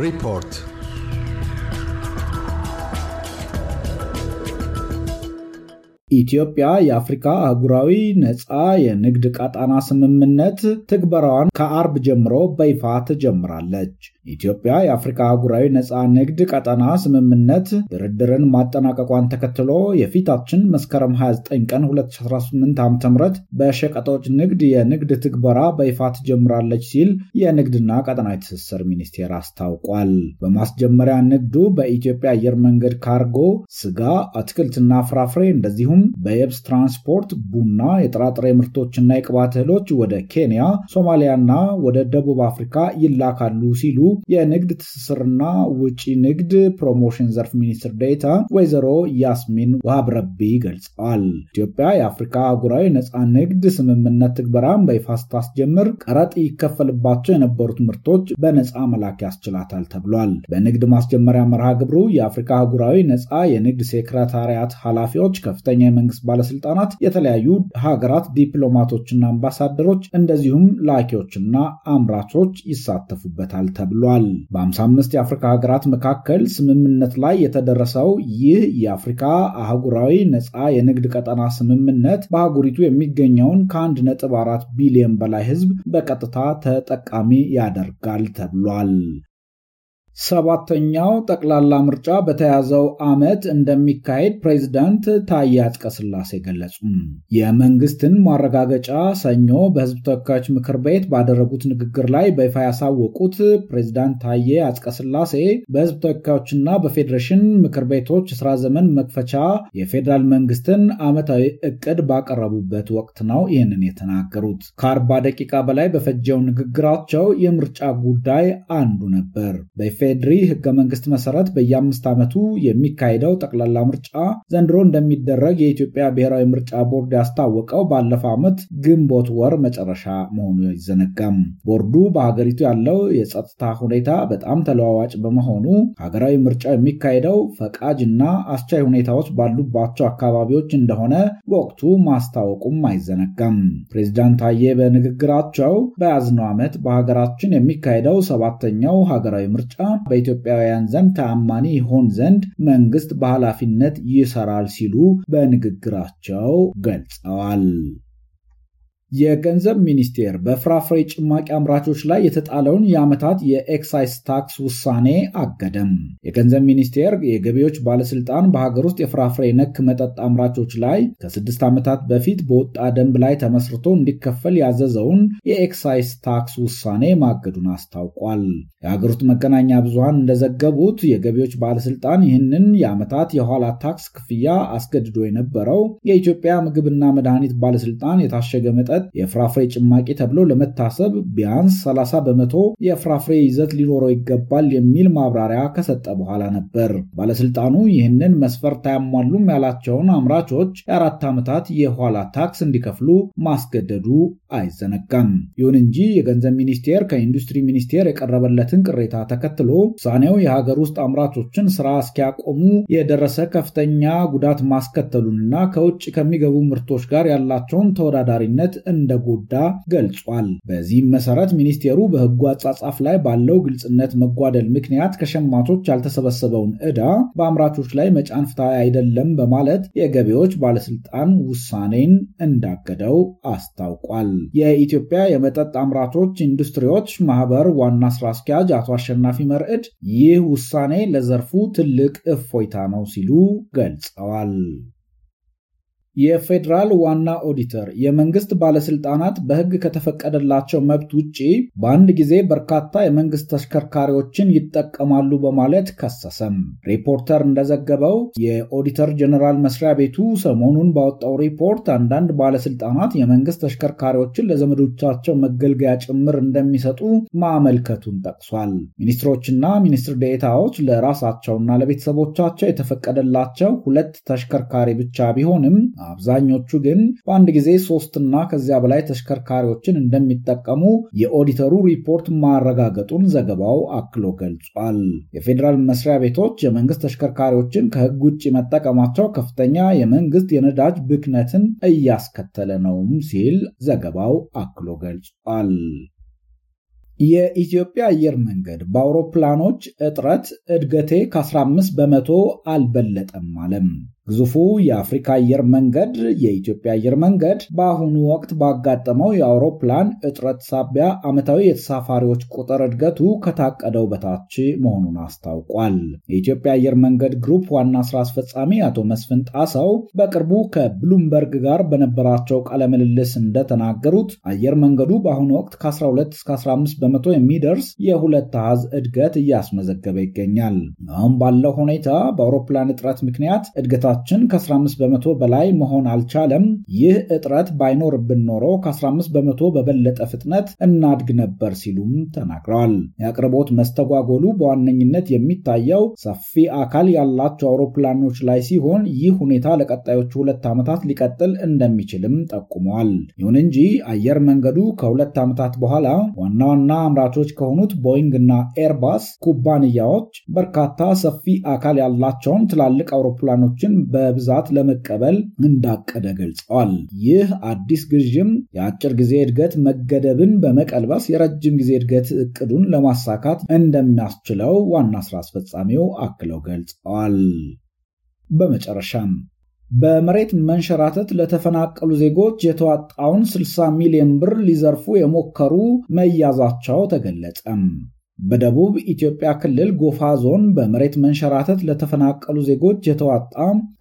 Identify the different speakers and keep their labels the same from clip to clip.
Speaker 1: Report ኢትዮጵያ የአፍሪካ አህጉራዊ ነፃ የንግድ ቀጣና ስምምነት ትግበራዋን ከአርብ ጀምሮ በይፋ ትጀምራለች። ኢትዮጵያ የአፍሪካ አህጉራዊ ነፃ ንግድ ቀጠና ስምምነት ድርድርን ማጠናቀቋን ተከትሎ የፊታችን መስከረም 29 ቀን 2018 ዓ.ም በሸቀጦች ንግድ የንግድ ትግበራ በይፋ ትጀምራለች ሲል የንግድና ቀጠናዊ ትስስር ሚኒስቴር አስታውቋል። በማስጀመሪያ ንግዱ በኢትዮጵያ አየር መንገድ ካርጎ፣ ስጋ፣ አትክልትና ፍራፍሬ እንደዚሁም ሲሆን በየብስ ትራንስፖርት ቡና፣ የጥራጥሬ ምርቶችና የቅባት እህሎች ወደ ኬንያ፣ ሶማሊያና ወደ ደቡብ አፍሪካ ይላካሉ ሲሉ የንግድ ትስስርና ውጪ ንግድ ፕሮሞሽን ዘርፍ ሚኒስትር ዴታ ወይዘሮ ያስሚን ዋብረቢ ገልጸዋል። ኢትዮጵያ የአፍሪካ አህጉራዊ ነፃ ንግድ ስምምነት ትግበራን በይፋ ስታስጀምር ቀረጥ ይከፈልባቸው የነበሩት ምርቶች በነፃ መላክ ያስችላታል ተብሏል። በንግድ ማስጀመሪያ መርሃ ግብሩ የአፍሪካ አህጉራዊ ነፃ የንግድ ሴክረታሪያት ኃላፊዎች ከፍተኛ የመንግስት ባለስልጣናት፣ የተለያዩ ሀገራት ዲፕሎማቶችና አምባሳደሮች እንደዚሁም ላኪዎችና አምራቾች ይሳተፉበታል ተብሏል። በ55 የአፍሪካ ሀገራት መካከል ስምምነት ላይ የተደረሰው ይህ የአፍሪካ አህጉራዊ ነፃ የንግድ ቀጠና ስምምነት በአህጉሪቱ የሚገኘውን ከ1.4 ቢሊዮን በላይ ህዝብ በቀጥታ ተጠቃሚ ያደርጋል ተብሏል። ሰባተኛው ጠቅላላ ምርጫ በተያዘው ዓመት እንደሚካሄድ ፕሬዚዳንት ታዬ አጽቀሥላሴ ገለጹ። የመንግስትን ማረጋገጫ ሰኞ በህዝብ ተወካዮች ምክር ቤት ባደረጉት ንግግር ላይ በይፋ ያሳወቁት ፕሬዚዳንት ታዬ አጽቀሥላሴ በህዝብ ተወካዮችና በፌዴሬሽን ምክር ቤቶች ስራ ዘመን መክፈቻ የፌዴራል መንግስትን ዓመታዊ እቅድ ባቀረቡበት ወቅት ነው ይህንን የተናገሩት። ከአርባ ደቂቃ በላይ በፈጀው ንግግራቸው የምርጫ ጉዳይ አንዱ ነበር። በኢፌድሪ ህገ መንግስት መሰረት በየአምስት ዓመቱ የሚካሄደው ጠቅላላ ምርጫ ዘንድሮ እንደሚደረግ የኢትዮጵያ ብሔራዊ ምርጫ ቦርድ ያስታወቀው ባለፈው ዓመት ግንቦት ወር መጨረሻ መሆኑ አይዘነጋም። ቦርዱ በሀገሪቱ ያለው የጸጥታ ሁኔታ በጣም ተለዋዋጭ በመሆኑ ሀገራዊ ምርጫው የሚካሄደው ፈቃጅ እና አስቻይ ሁኔታዎች ባሉባቸው አካባቢዎች እንደሆነ በወቅቱ ማስታወቁም አይዘነጋም። ፕሬዚዳንት ታዬ በንግግራቸው በያዝነው ዓመት በሀገራችን የሚካሄደው ሰባተኛው ሀገራዊ ምርጫ በኢትዮጵያውያን ዘንድ ተአማኒ ይሆን ዘንድ መንግስት በኃላፊነት ይሰራል ሲሉ በንግግራቸው ገልጸዋል። የገንዘብ ሚኒስቴር በፍራፍሬ ጭማቂ አምራቾች ላይ የተጣለውን የዓመታት የኤክሳይስ ታክስ ውሳኔ አገደም። የገንዘብ ሚኒስቴር የገቢዎች ባለስልጣን በሀገር ውስጥ የፍራፍሬ ነክ መጠጥ አምራቾች ላይ ከስድስት ዓመታት በፊት በወጣ ደንብ ላይ ተመስርቶ እንዲከፈል ያዘዘውን የኤክሳይስ ታክስ ውሳኔ ማገዱን አስታውቋል። የሀገር ውስጥ መገናኛ ብዙሃን እንደዘገቡት የገቢዎች ባለስልጣን ይህንን የዓመታት የኋላ ታክስ ክፍያ አስገድዶ የነበረው የኢትዮጵያ ምግብና መድኃኒት ባለስልጣን የታሸገ መጠጥ መጠጥ የፍራፍሬ ጭማቂ ተብሎ ለመታሰብ ቢያንስ 30 በመቶ የፍራፍሬ ይዘት ሊኖረው ይገባል የሚል ማብራሪያ ከሰጠ በኋላ ነበር። ባለስልጣኑ ይህንን መስፈርት አያሟሉም ያላቸውን አምራቾች የአራት ዓመታት የኋላ ታክስ እንዲከፍሉ ማስገደዱ አይዘነጋም። ይሁን እንጂ የገንዘብ ሚኒስቴር ከኢንዱስትሪ ሚኒስቴር የቀረበለትን ቅሬታ ተከትሎ ውሳኔው የሀገር ውስጥ አምራቾችን ስራ እስኪያቆሙ የደረሰ ከፍተኛ ጉዳት ማስከተሉንና ከውጭ ከሚገቡ ምርቶች ጋር ያላቸውን ተወዳዳሪነት እንደጎዳ ገልጿል። በዚህም መሰረት ሚኒስቴሩ በህጉ አጻጻፍ ላይ ባለው ግልጽነት መጓደል ምክንያት ከሸማቾች ያልተሰበሰበውን ዕዳ በአምራቾች ላይ መጫን ፍትሐዊ አይደለም በማለት የገቢዎች ባለስልጣን ውሳኔን እንዳገደው አስታውቋል። የኢትዮጵያ የመጠጥ አምራቾች ኢንዱስትሪዎች ማህበር ዋና ስራ አስኪያጅ አቶ አሸናፊ መርዕድ ይህ ውሳኔ ለዘርፉ ትልቅ እፎይታ ነው ሲሉ ገልጸዋል። የፌዴራል ዋና ኦዲተር የመንግስት ባለስልጣናት በሕግ ከተፈቀደላቸው መብት ውጪ በአንድ ጊዜ በርካታ የመንግስት ተሽከርካሪዎችን ይጠቀማሉ በማለት ከሰሰም። ሪፖርተር እንደዘገበው የኦዲተር ጀኔራል መስሪያ ቤቱ ሰሞኑን ባወጣው ሪፖርት አንዳንድ ባለስልጣናት የመንግስት ተሽከርካሪዎችን ለዘመዶቻቸው መገልገያ ጭምር እንደሚሰጡ ማመልከቱን ጠቅሷል። ሚኒስትሮችና ሚኒስትር ዴታዎች ለራሳቸውና ለቤተሰቦቻቸው የተፈቀደላቸው ሁለት ተሽከርካሪ ብቻ ቢሆንም አብዛኞቹ ግን በአንድ ጊዜ ሶስትና ከዚያ በላይ ተሽከርካሪዎችን እንደሚጠቀሙ የኦዲተሩ ሪፖርት ማረጋገጡን ዘገባው አክሎ ገልጿል። የፌዴራል መስሪያ ቤቶች የመንግስት ተሽከርካሪዎችን ከህግ ውጭ መጠቀማቸው ከፍተኛ የመንግስት የነዳጅ ብክነትን እያስከተለ ነውም ሲል ዘገባው አክሎ ገልጿል። የኢትዮጵያ አየር መንገድ በአውሮፕላኖች እጥረት እድገቴ ከ15 በመቶ አልበለጠም አለም። ግዙፉ የአፍሪካ አየር መንገድ የኢትዮጵያ አየር መንገድ በአሁኑ ወቅት ባጋጠመው የአውሮፕላን እጥረት ሳቢያ ዓመታዊ የተሳፋሪዎች ቁጥር እድገቱ ከታቀደው በታች መሆኑን አስታውቋል። የኢትዮጵያ አየር መንገድ ግሩፕ ዋና ስራ አስፈጻሚ አቶ መስፍን ጣሰው በቅርቡ ከብሉምበርግ ጋር በነበራቸው ቃለ ምልልስ እንደተናገሩት አየር መንገዱ በአሁኑ ወቅት ከ12 እስከ 15 በመቶ የሚደርስ የሁለት አሃዝ እድገት እያስመዘገበ ይገኛል። አሁን ባለው ሁኔታ በአውሮፕላን እጥረት ምክንያት እድገታ እድገታችን ከ15 በመቶ በላይ መሆን አልቻለም። ይህ እጥረት ባይኖርብን ኖሮ ከ15 በመቶ በበለጠ ፍጥነት እናድግ ነበር ሲሉም ተናግረዋል። የአቅርቦት መስተጓጎሉ በዋነኝነት የሚታየው ሰፊ አካል ያላቸው አውሮፕላኖች ላይ ሲሆን ይህ ሁኔታ ለቀጣዮቹ ሁለት ዓመታት ሊቀጥል እንደሚችልም ጠቁመዋል። ይሁን እንጂ አየር መንገዱ ከሁለት ዓመታት በኋላ ዋና ዋና አምራቾች ከሆኑት ቦይንግ እና ኤርባስ ኩባንያዎች በርካታ ሰፊ አካል ያላቸውን ትላልቅ አውሮፕላኖችን በብዛት ለመቀበል እንዳቀደ ገልጸዋል። ይህ አዲስ ግዥም የአጭር ጊዜ እድገት መገደብን በመቀልበስ የረጅም ጊዜ እድገት እቅዱን ለማሳካት እንደሚያስችለው ዋና ስራ አስፈጻሚው አክለው ገልጸዋል። በመጨረሻም በመሬት መንሸራተት ለተፈናቀሉ ዜጎች የተዋጣውን 60 ሚሊዮን ብር ሊዘርፉ የሞከሩ መያዛቸው ተገለጸም። በደቡብ ኢትዮጵያ ክልል ጎፋ ዞን በመሬት መንሸራተት ለተፈናቀሉ ዜጎች የተዋጣ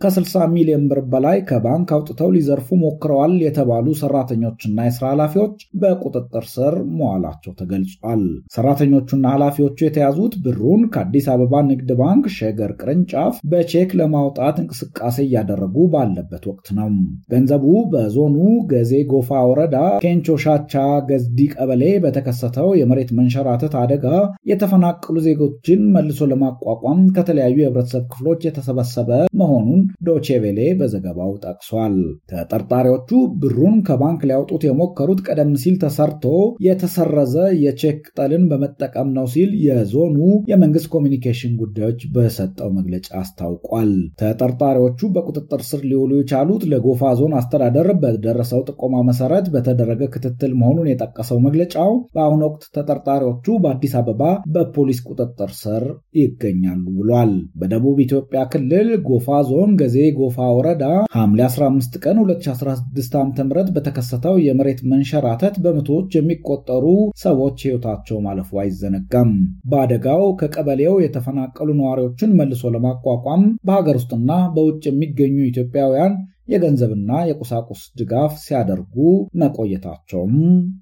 Speaker 1: ከ60 ሚሊዮን ብር በላይ ከባንክ አውጥተው ሊዘርፉ ሞክረዋል የተባሉ ሰራተኞችና የስራ ኃላፊዎች በቁጥጥር ስር መዋላቸው ተገልጿል። ሰራተኞቹና ኃላፊዎቹ የተያዙት ብሩን ከአዲስ አበባ ንግድ ባንክ ሸገር ቅርንጫፍ በቼክ ለማውጣት እንቅስቃሴ እያደረጉ ባለበት ወቅት ነው። ገንዘቡ በዞኑ ገዜ ጎፋ ወረዳ ኬንቾ ሻቻ ገዝዲ ቀበሌ በተከሰተው የመሬት መንሸራተት አደጋ የተፈናቀሉ ዜጎችን መልሶ ለማቋቋም ከተለያዩ የህብረተሰብ ክፍሎች የተሰበሰበ መሆኑን ዶቼቬሌ በዘገባው ጠቅሷል። ተጠርጣሪዎቹ ብሩን ከባንክ ሊያወጡት የሞከሩት ቀደም ሲል ተሰርቶ የተሰረዘ የቼክ ጠልን በመጠቀም ነው ሲል የዞኑ የመንግስት ኮሚኒኬሽን ጉዳዮች በሰጠው መግለጫ አስታውቋል። ተጠርጣሪዎቹ በቁጥጥር ስር ሊውሉ የቻሉት ለጎፋ ዞን አስተዳደር በደረሰው ጥቆማ መሰረት በተደረገ ክትትል መሆኑን የጠቀሰው መግለጫው በአሁኑ ወቅት ተጠርጣሪዎቹ በአዲስ አበባ አበባ በፖሊስ ቁጥጥር ስር ይገኛሉ ብሏል። በደቡብ ኢትዮጵያ ክልል ጎፋ ዞን ገዜ ጎፋ ወረዳ ሐምሌ 15 ቀን 2016 ዓ ም በተከሰተው የመሬት መንሸራተት በመቶዎች የሚቆጠሩ ሰዎች ሕይወታቸው ማለፉ አይዘነጋም። በአደጋው ከቀበሌው የተፈናቀሉ ነዋሪዎችን መልሶ ለማቋቋም በሀገር ውስጥና በውጭ የሚገኙ ኢትዮጵያውያን የገንዘብና የቁሳቁስ ድጋፍ ሲያደርጉ መቆየታቸውም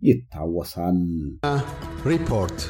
Speaker 1: ይታወሳል። ሪፖርት